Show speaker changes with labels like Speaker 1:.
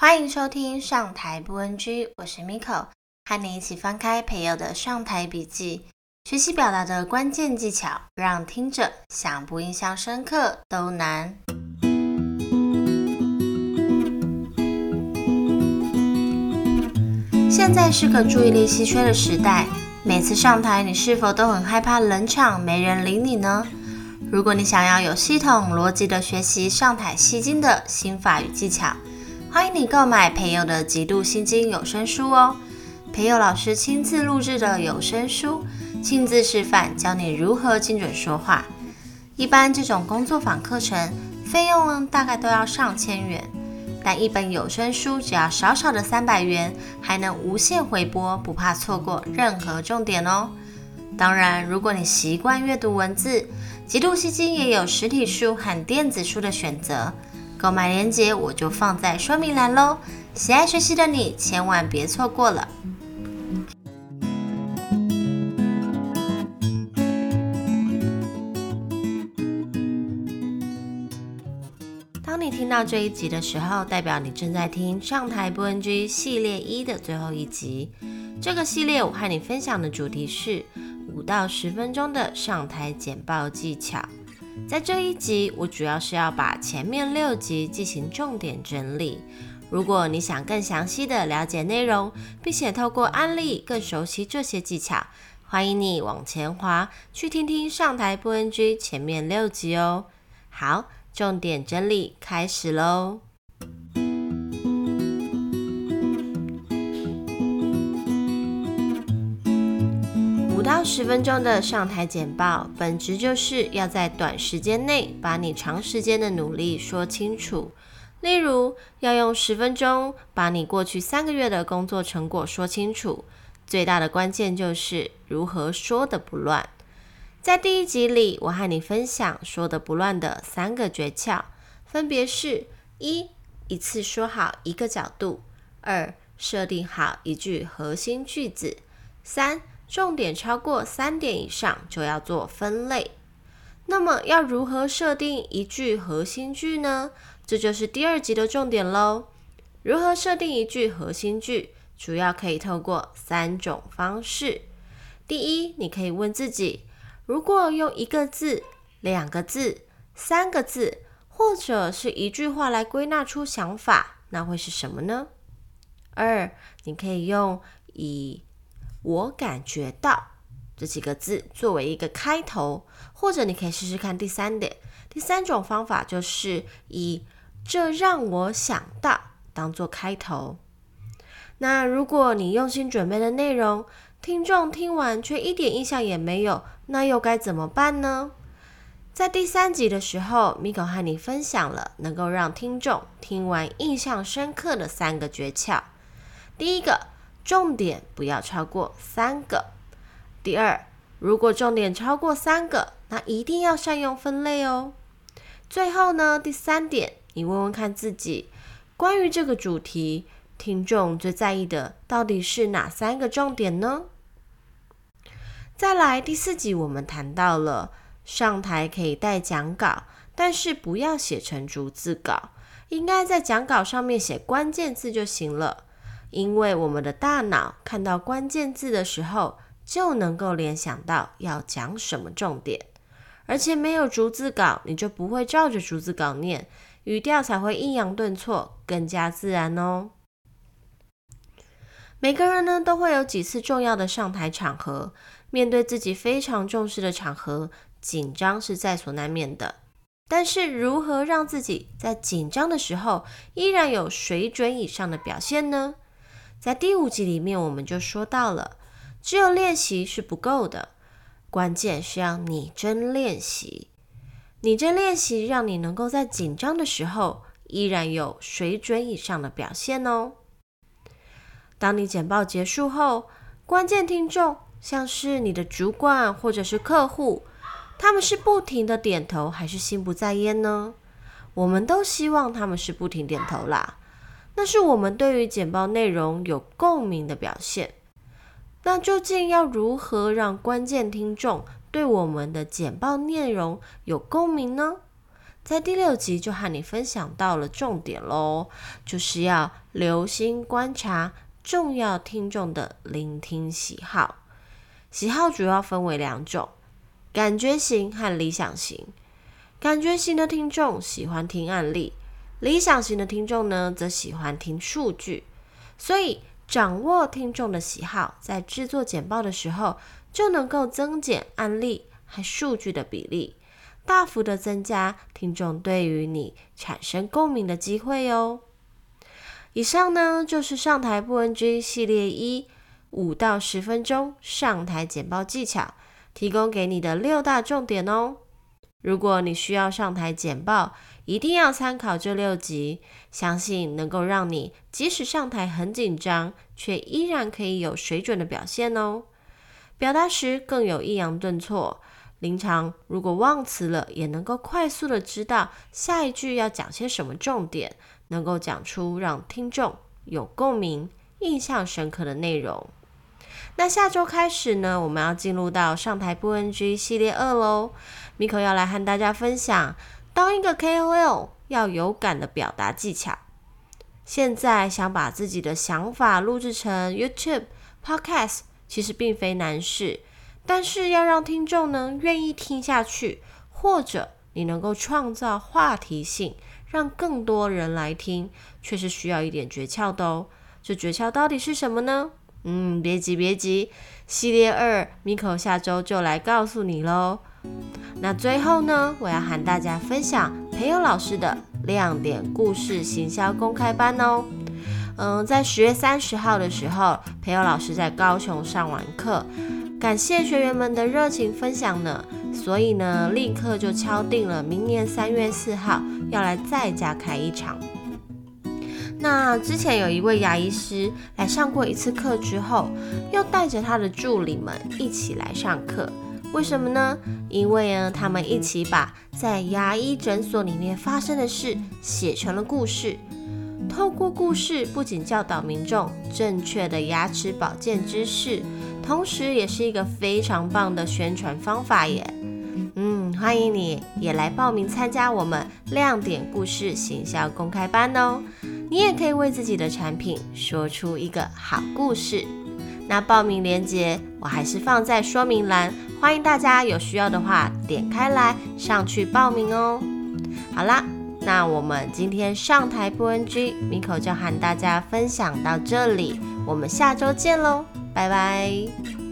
Speaker 1: 歡迎收聽上台不 NG，我是 Miko，和你一起翻開培祐的上台筆記，學習表達的關鍵技巧，讓聽者想不印象深刻都難。現在是個注意力稀缺的時代，每次上台你是否都很害怕冷場，沒人理你呢？如果你想要有系統邏輯的學習上台吸睛的心法與技巧。歡迎你購買培祐的《極度吸睛》有聲書哦，培祐老師親自錄制的有聲書，親自示範教你如何精準說話。一般這種工作坊課程費用呢，大概都要上千元，但一本有聲書只要少少的三百元，還能無限回播，不怕錯過任何重點哦。當然，如果你習慣閱讀文字，《極度吸睛》也有實體書和電子書的選擇。購買鏈接我就放在說明欄嘍，喜愛學習的你千萬別錯過了。當你聽到這一集的時候，代表你正在聽上台不 NG 系列一的最後一集。這個系列我和你分享的主題是五到十分鐘的上台簡報技巧。在這一集，我主要是要把前面六集進行重點整理。如果你想更詳細的了解內容，並且透過案例更熟悉這些技巧，歡迎你往前滑去聽聽上台不 NG 前面六集哦。好，重點整理開始嘍。五到十分鐘的上台簡報，本質就是要在短時間內把你長時間的努力說清楚。例如，要用十分鐘把你過去三個月的工作成果說清楚。最大的關鍵就是如何說得不亂。在第一集裡，我和你分享說得不亂的三個訣竅，分別是：一、一次說好一個角度；二、設定好一句核心句子；三。重點超過三點以上就要做分類。那麼要如何設定一句核心句呢？這就是第二集的重點嘍。如何設定一句核心句，主要可以透過三種方式。第一，你可以問自己，如果用一個字、兩個字、三個字，或者是一句話來歸納出想法，那會是什麼呢？二，你可以用以。我感覺到這幾個字作為一個開頭，或者你可以試試看第三點。第三種方法就是以“這讓我想到”當做開頭。那如果你用心準備的內容，聽眾聽完卻一點印象也沒有，那又該怎麼辦呢？在第三集的時候，米可和你分享了能夠讓聽眾聽完印象深刻的三個訣竅。第一個。重點不要超過三個。第二，如果重點超過三個，那一定要善用分類哦。最後呢，第三點，你問問看自己，關於這個主題，聽眾最在意的到底是哪三個重點呢？再來第四集，我們談到了上台可以帶講稿，但是不要寫成逐字稿，應該在講稿上面寫關鍵字就行了。因為我們的大腦看到關鍵字的時候，就能夠聯想到要講什麼重點，而且沒有逐字稿，你就不會照着逐字稿念，語調才會抑揚頓挫，更加自然哦。每個人呢都會有幾次重要的上台場合，面對自己非常重視的場合，緊張是在所難免的。但是如何讓自己在緊張的時候依然有水準以上的表現呢？在第五集裡面，我們就說到了，只有練習是不夠的，關鍵是要你真練習。你真練習，讓你能夠在緊張的時候，依然有水準以上的表現哦。當你簡報結束後，關鍵聽眾像是你的主管或者是客戶，他們是不停的點頭，還是心不在焉呢？我們都希望他們是不停點頭啦。那是我們對於簡報內容有共鳴的表現。那究竟要如何讓關鍵聽眾對我們的簡報內容有共鳴呢？在第六集就和你分享到了重點嘍，就是要留心觀察重要聽眾的聆聽喜好。喜好主要分為兩種：感覺型和理想型。感覺型的聽眾喜歡聽案例。理想型的聽眾呢，則喜歡聽數據，所以掌握聽眾的喜好，在製作簡報的時候，就能夠增減案例和數據的比例，大幅的增加聽眾對於你產生共鳴的機會哦。以上呢，就是上台不 NG 系列一，五到十分鐘上台簡報技巧，提供給你的六大重點哦。如果你需要上台簡報，一定要參考這六集，相信能夠讓你即使上台很緊張，卻依然可以有水準的表現哦。表達時更有抑揚頓挫，臨場如果忘詞了，也能夠快速的知道下一句要講些什麼重點，能夠講出讓聽眾有共鳴、印象深刻的內容。那下週開始呢，我們要進入到上台不 NG 系列二嘍。Miko 要來和大家分享。當一個 KOL 要有感的表達技巧，現在想把自己的想法錄制成 YouTube、Podcast，其實並非難事。但是要讓聽眾呢，願意聽下去，或者你能夠創造話題性，讓更多人來聽，確實需要一點訣竅的哦。這訣竅到底是什麼呢？嗯，別急，別急，系列二，Miko 下周就來告訴你嘍。那最後呢，我要和大家分享培祐老師的亮點故事行銷公開班哦。嗯，在十月三十號的時候，培祐老師在高雄上完課，感謝學員們的熱情分享呢。所以呢，立刻就敲定了明年三月四號要來再加開一場。那之前有一位牙醫師來上過一次課之後，又帶着他的助理們一起來上課。為什麼呢？因為呢，他們一起把在牙醫診所裡面發生的事寫成了故事。透過故事，不僅教導民眾正確的牙齒保健知識，同時也是一個非常棒的宣傳方法耶。嗯，歡迎你也來報名參加我們亮點故事行銷公開班哦。你也可以為自己的產品說出一個好故事。那報名鏈接我還是放在說明欄，歡迎大家有需要的話點開來上去報名哦。好啦，那我們今天上台不 NG，Miko 就和大家分享到這裡，我們下周見嘍，拜拜。